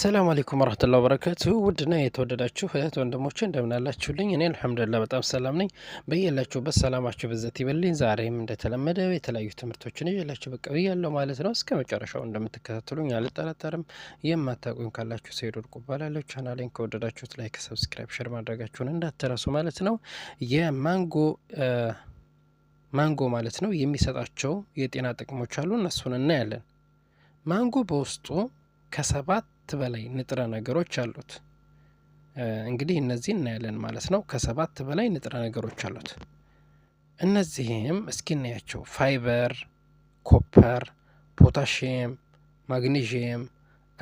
ሰላም አለይኩም ወራህመቱላሂ ወበረካቱ። ውድና የተወደዳችሁ እህት ወንድሞቼ እንደምናላችሁልኝ፣ እኔ አልሐምዱሊላህ በጣም ሰላም ነኝ። በየላችሁበት ሰላማችሁ ብዘት ይበልኝ። ዛሬም እንደተለመደ የተለያዩ ትምህርቶችን ይዤላችሁ ብቅ ብያለሁ ማለት ነው። እስከ መጨረሻው እንደምትከታተሉኝ አልጠረጠርም። የማታውቁኝ ካላችሁ ሰይድ ወርቁ እባላለሁ። ቻናሌን ከወደዳችሁት ላይክ፣ ሰብስክራይብ፣ ሸር ማድረጋችሁን እንዳትረሱ ማለት ነው። የማንጎ ማንጎ ማለት ነው የሚሰጣቸው የጤና ጥቅሞች አሉ፣ እነሱን እናያለን። ማንጎ በውስጡ ከሰባት ከሰባት በላይ ንጥረ ነገሮች አሉት። እንግዲህ እነዚህ እናያለን ማለት ነው። ከሰባት በላይ ንጥረ ነገሮች አሉት። እነዚህም እስኪ እናያቸው። ፋይበር፣ ኮፐር፣ ፖታሽየም፣ ማግኒዥየም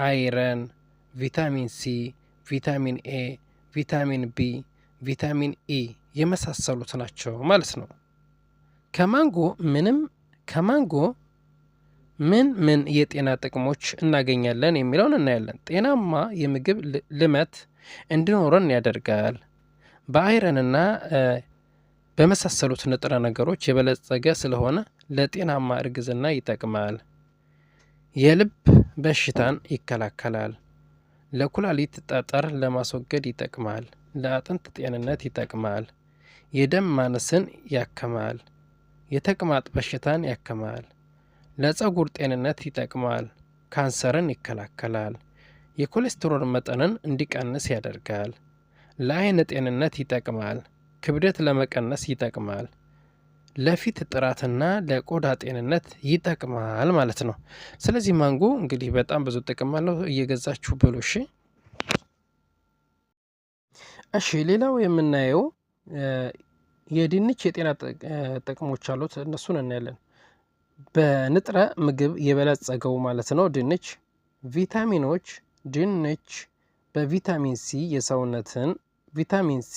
አይረን፣ ቪታሚን ሲ፣ ቪታሚን ኤ፣ ቪታሚን ቢ፣ ቪታሚን ኢ የመሳሰሉት ናቸው ማለት ነው። ከማንጎ ምንም ከማንጎ ምን ምን የጤና ጥቅሞች እናገኛለን የሚለውን እናያለን። ጤናማ የምግብ ልመት እንዲኖረን ያደርጋል። በአይረንና በመሳሰሉት ንጥረ ነገሮች የበለጸገ ስለሆነ ለጤናማ እርግዝና ይጠቅማል። የልብ በሽታን ይከላከላል። ለኩላሊት ጠጠር ለማስወገድ ይጠቅማል። ለአጥንት ጤንነት ይጠቅማል። የደም ማነስን ያከማል። የተቅማጥ በሽታን ያከማል። ለፀጉር ጤንነት ይጠቅማል። ካንሰርን ይከላከላል። የኮሌስትሮል መጠንን እንዲቀንስ ያደርጋል። ለአይን ጤንነት ይጠቅማል። ክብደት ለመቀነስ ይጠቅማል። ለፊት ጥራትና ለቆዳ ጤንነት ይጠቅማል ማለት ነው። ስለዚህ ማንጎ እንግዲህ በጣም ብዙ ጥቅም አለው። እየገዛችሁ ብሉ። እሺ፣ እሺ። ሌላው የምናየው የድንች የጤና ጥቅሞች አሉት። እነሱን እናያለን። በንጥረ ምግብ የበለጸገው ማለት ነው ድንች። ቪታሚኖች ድንች በቪታሚን ሲ የሰውነትን ቪታሚን ሲ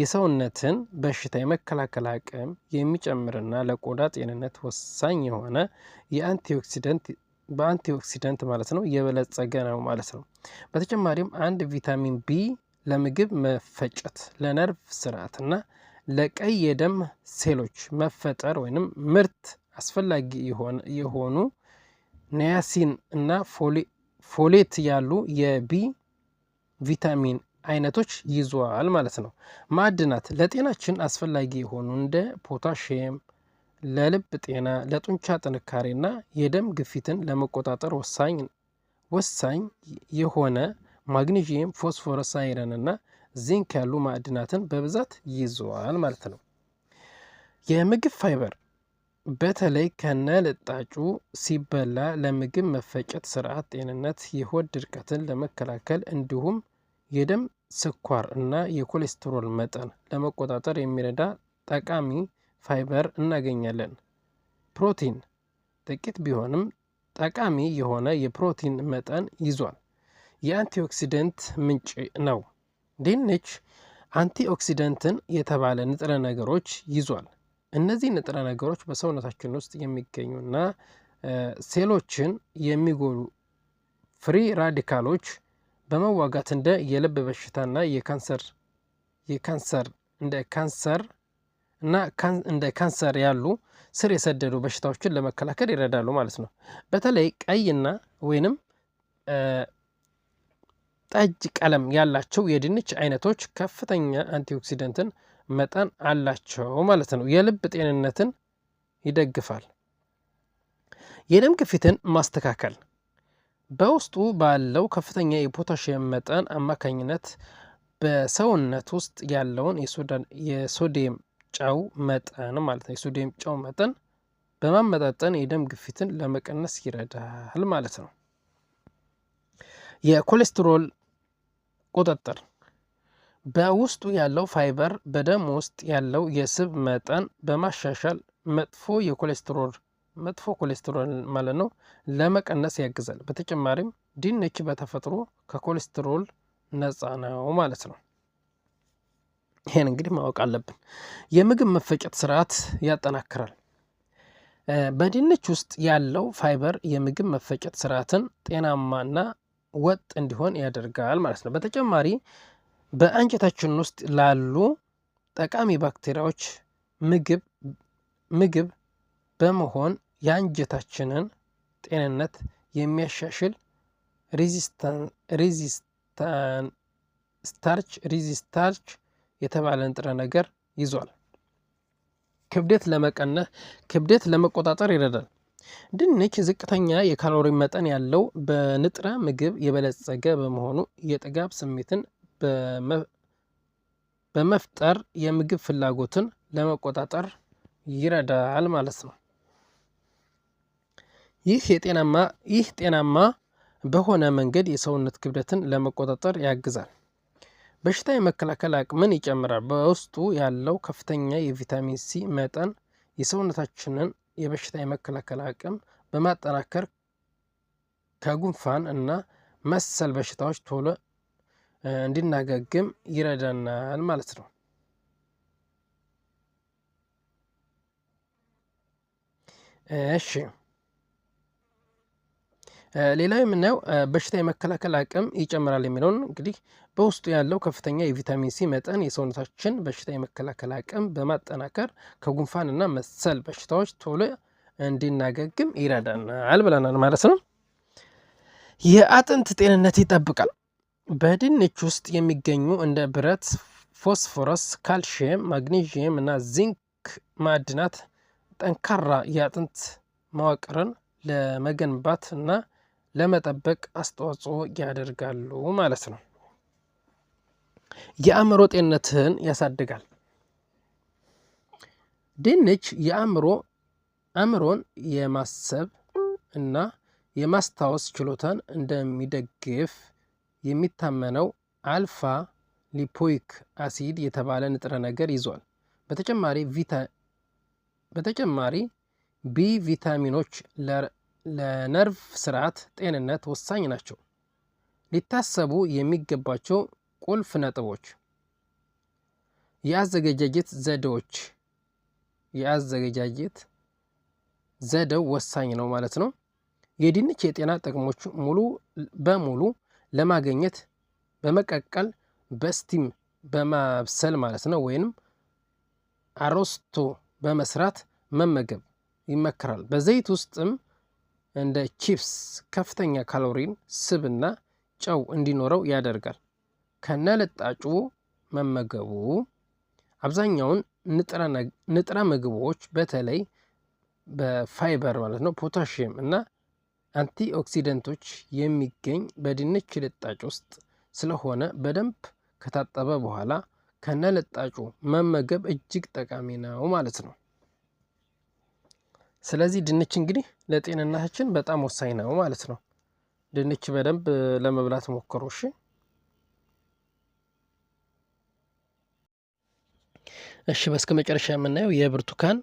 የሰውነትን በሽታ የመከላከል አቅም የሚጨምርና ለቆዳ ጤንነት ወሳኝ የሆነ የአንቲኦክሲደንት በአንቲኦክሲደንት ማለት ነው የበለጸገ ነው ማለት ነው። በተጨማሪም አንድ ቪታሚን ቢ ለምግብ መፈጨት፣ ለነርቭ ስርዓትና ለቀይ የደም ሴሎች መፈጠር ወይንም ምርት አስፈላጊ የሆኑ ናያሲን እና ፎሌት ያሉ የቢ ቪታሚን አይነቶች ይዟል ማለት ነው። ማዕድናት ለጤናችን አስፈላጊ የሆኑ እንደ ፖታሽየም ለልብ ጤና፣ ለጡንቻ ጥንካሬና የደም ግፊትን ለመቆጣጠር ወሳኝ ወሳኝ የሆነ ማግኒዥየም ፎስፎረስ፣ አይረንና ዚንክ ያሉ ማዕድናትን በብዛት ይዘዋል ማለት ነው። የምግብ ፋይበር በተለይ ከነ ልጣጩ ሲበላ ለምግብ መፈጨት ስርዓት ጤንነት፣ የሆድ ድርቀትን ለመከላከል እንዲሁም የደም ስኳር እና የኮሌስትሮል መጠን ለመቆጣጠር የሚረዳ ጠቃሚ ፋይበር እናገኛለን። ፕሮቲን ጥቂት ቢሆንም ጠቃሚ የሆነ የፕሮቲን መጠን ይዟል። የአንቲኦክሲደንት ምንጭ ነው። ድንች አንቲኦክሲደንትን የተባለ ንጥረ ነገሮች ይዟል። እነዚህ ንጥረ ነገሮች በሰውነታችን ውስጥ የሚገኙና ሴሎችን የሚጎዱ ፍሪ ራዲካሎች በመዋጋት እንደ የልብ በሽታና የካንሰር የካንሰር እንደ ካንሰር እና እንደ ካንሰር ያሉ ስር የሰደዱ በሽታዎችን ለመከላከል ይረዳሉ ማለት ነው። በተለይ ቀይና ወይንም ጠጅ ቀለም ያላቸው የድንች አይነቶች ከፍተኛ አንቲኦክሲደንትን መጠን አላቸው ማለት ነው። የልብ ጤንነትን ይደግፋል። የደም ግፊትን ማስተካከል በውስጡ ባለው ከፍተኛ የፖታሽየም መጠን አማካኝነት በሰውነት ውስጥ ያለውን የሶዲየም ጨው መጠን ማለት ነው የሶዲየም ጨው መጠን በማመጣጠን የደም ግፊትን ለመቀነስ ይረዳል ማለት ነው። የኮሌስትሮል ቁጥጥር በውስጡ ያለው ፋይበር በደም ውስጥ ያለው የስብ መጠን በማሻሻል መጥፎ የኮሌስትሮል መጥፎ ኮሌስትሮል ማለት ነው ለመቀነስ ያግዛል። በተጨማሪም ድንች በተፈጥሮ ከኮሌስትሮል ነፃ ነው ማለት ነው። ይሄን እንግዲህ ማወቅ አለብን። የምግብ መፈጨት ስርዓት ያጠናክራል። በድንች ውስጥ ያለው ፋይበር የምግብ መፈጨት ስርዓትን ጤናማና ወጥ እንዲሆን ያደርጋል ማለት ነው። በተጨማሪ በአንጀታችን ውስጥ ላሉ ጠቃሚ ባክቴሪያዎች ምግብ ምግብ በመሆን የአንጀታችንን ጤንነት የሚያሻሽል ስታርች ሪዚስታርች የተባለ ንጥረ ነገር ይዟል። ክብደት ለመቀነስ ክብደት ለመቆጣጠር ይረዳል። ድንች ዝቅተኛ የካሎሪ መጠን ያለው በንጥረ ምግብ የበለጸገ በመሆኑ የጥጋብ ስሜትን በመፍጠር የምግብ ፍላጎትን ለመቆጣጠር ይረዳል ማለት ነው። ይህ የጤናማ ይህ ጤናማ በሆነ መንገድ የሰውነት ክብደትን ለመቆጣጠር ያግዛል። በሽታ የመከላከል አቅምን ይጨምራል። በውስጡ ያለው ከፍተኛ የቪታሚን ሲ መጠን የሰውነታችንን የበሽታ የመከላከል አቅም በማጠናከር ከጉንፋን እና መሰል በሽታዎች ቶሎ እንድናገግም ይረዳናል ማለት ነው። እሺ ሌላው የምናየው በሽታ የመከላከል አቅም ይጨምራል የሚለውን እንግዲህ በውስጡ ያለው ከፍተኛ የቪታሚን ሲ መጠን የሰውነታችን በሽታ የመከላከል አቅም በማጠናከር ከጉንፋንና መሰል በሽታዎች ቶሎ እንድናገግም ይረዳናል ብለናል ማለት ነው። የአጥንት ጤንነት ይጠብቃል። በድንች ውስጥ የሚገኙ እንደ ብረት፣ ፎስፎረስ፣ ካልሽየም፣ ማግኔዥየም እና ዚንክ ማዕድናት ጠንካራ የአጥንት መዋቅርን ለመገንባት እና ለመጠበቅ አስተዋጽኦ ያደርጋሉ ማለት ነው። የአእምሮ ጤንነትን ያሳድጋል። ድንች የአእምሮ አእምሮን የማሰብ እና የማስታወስ ችሎታን እንደሚደግፍ የሚታመነው አልፋ ሊፖይክ አሲድ የተባለ ንጥረ ነገር ይዟል። በተጨማሪ ቢ ቪታሚኖች ለነርቭ ስርዓት ጤንነት ወሳኝ ናቸው። ሊታሰቡ የሚገባቸው ቁልፍ ነጥቦች የአዘገጃጀት ዘዴዎች የአዘገጃጀት ዘዴው ወሳኝ ነው ማለት ነው። የድንች የጤና ጥቅሞች ሙሉ በሙሉ ለማግኘት በመቀቀል በስቲም በማብሰል ማለት ነው ወይንም አሮስቶ በመስራት መመገብ ይመከራል። በዘይት ውስጥም እንደ ቺፕስ ከፍተኛ ካሎሪን፣ ስብና ጨው እንዲኖረው ያደርጋል። ከነለጣጩ መመገቡ አብዛኛውን ንጥረ ምግቦች በተለይ በፋይበር ማለት ነው ፖታሽየም እና አንቲ ኦክሲደንቶች የሚገኝ በድንች ልጣጭ ውስጥ ስለሆነ በደንብ ከታጠበ በኋላ ከነ ልጣጩ መመገብ እጅግ ጠቃሚ ነው ማለት ነው። ስለዚህ ድንች እንግዲህ ለጤንነታችን በጣም ወሳኝ ነው ማለት ነው። ድንች በደንብ ለመብላት ሞክሩ እሺ። እሺ በስከ መጨረሻ የምናየው የብርቱካን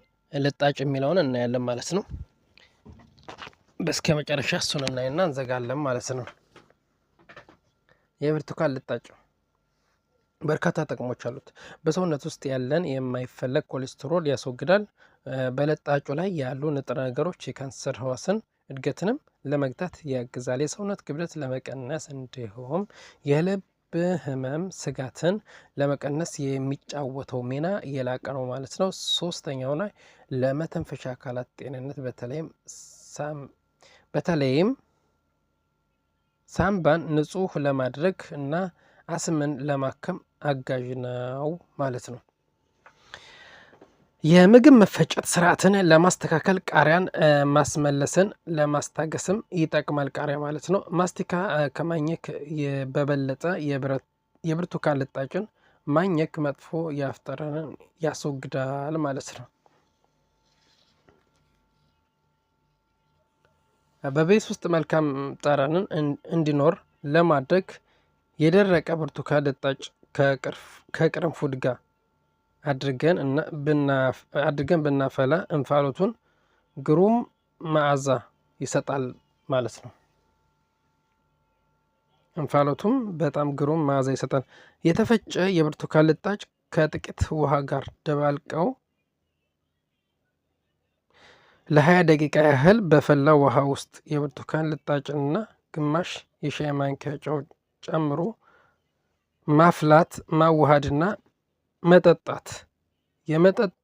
ልጣጭ የሚለውን እናያለን ማለት ነው። በስከ መጨረሻ እሱን እናይና እንዘጋለን ማለት ነው። የብርቱካን ልጣጭ በርካታ ጥቅሞች አሉት። በሰውነት ውስጥ ያለን የማይፈለግ ኮሌስትሮል ያስወግዳል። በልጣጩ ላይ ያሉ ንጥረ ነገሮች የካንሰር ህዋስን እድገትንም ለመግታት ያግዛል። የሰውነት ክብደት ለመቀነስ እንዲሁም የልብ ህመም ስጋትን ለመቀነስ የሚጫወተው ሚና እየላቀ ነው ማለት ነው። ሶስተኛው ላይ ለመተንፈሻ አካላት ጤንነት በተለይም ሳም በተለይም ሳምባን ንጹህ ለማድረግ እና አስምን ለማከም አጋዥ ነው ማለት ነው። የምግብ መፈጨት ስርዓትን ለማስተካከል ቃሪያን ማስመለስን ለማስታገስም ይጠቅማል። ቃሪያ ማለት ነው። ማስቲካ ከማኘክ በበለጠ የብርቱካን ልጣጭን ማኘክ መጥፎ ያፍጠረንን ያስወግዳል ማለት ነው። በቤት ውስጥ መልካም ጠረንን እንዲኖር ለማድረግ የደረቀ ብርቱካን ልጣጭ ከቅርንፉድ ጋር አድርገን ብናፈላ እንፋሎቱን ግሩም መዓዛ ይሰጣል ማለት ነው። እንፋሎቱም በጣም ግሩም መዓዛ ይሰጣል። የተፈጨ የብርቱካን ልጣጭ ከጥቂት ውሃ ጋር ደባልቀው ለ20 ደቂቃ ያህል በፈላ ውሃ ውስጥ የብርቱካን ልጣጭንና ግማሽ የሻይ ማንኪያ ጨው ጨምሮ ማፍላት ማዋሃድና መጠጣት። የመጠጥ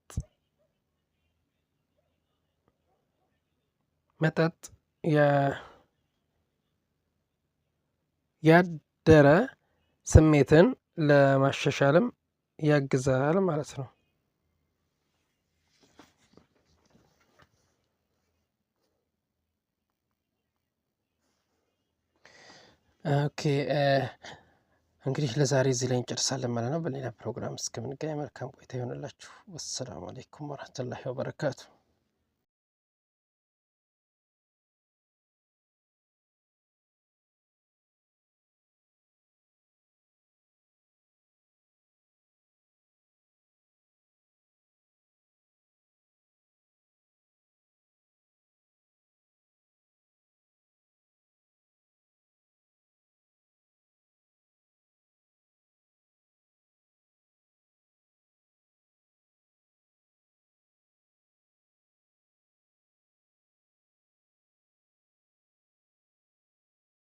መጠጥ ያደረ ስሜትን ለማሻሻልም ያግዛል ማለት ነው። ኦኬ እንግዲህ ለዛሬ እዚህ ላይ እንጨርሳለን ማለት ነው። በሌላ ፕሮግራም እስከምንገናኝ መልካም ቆይታ ይሆንላችሁ። ወሰላሙ አሌይኩም ወረህመቱላሂ ወበረካቱ።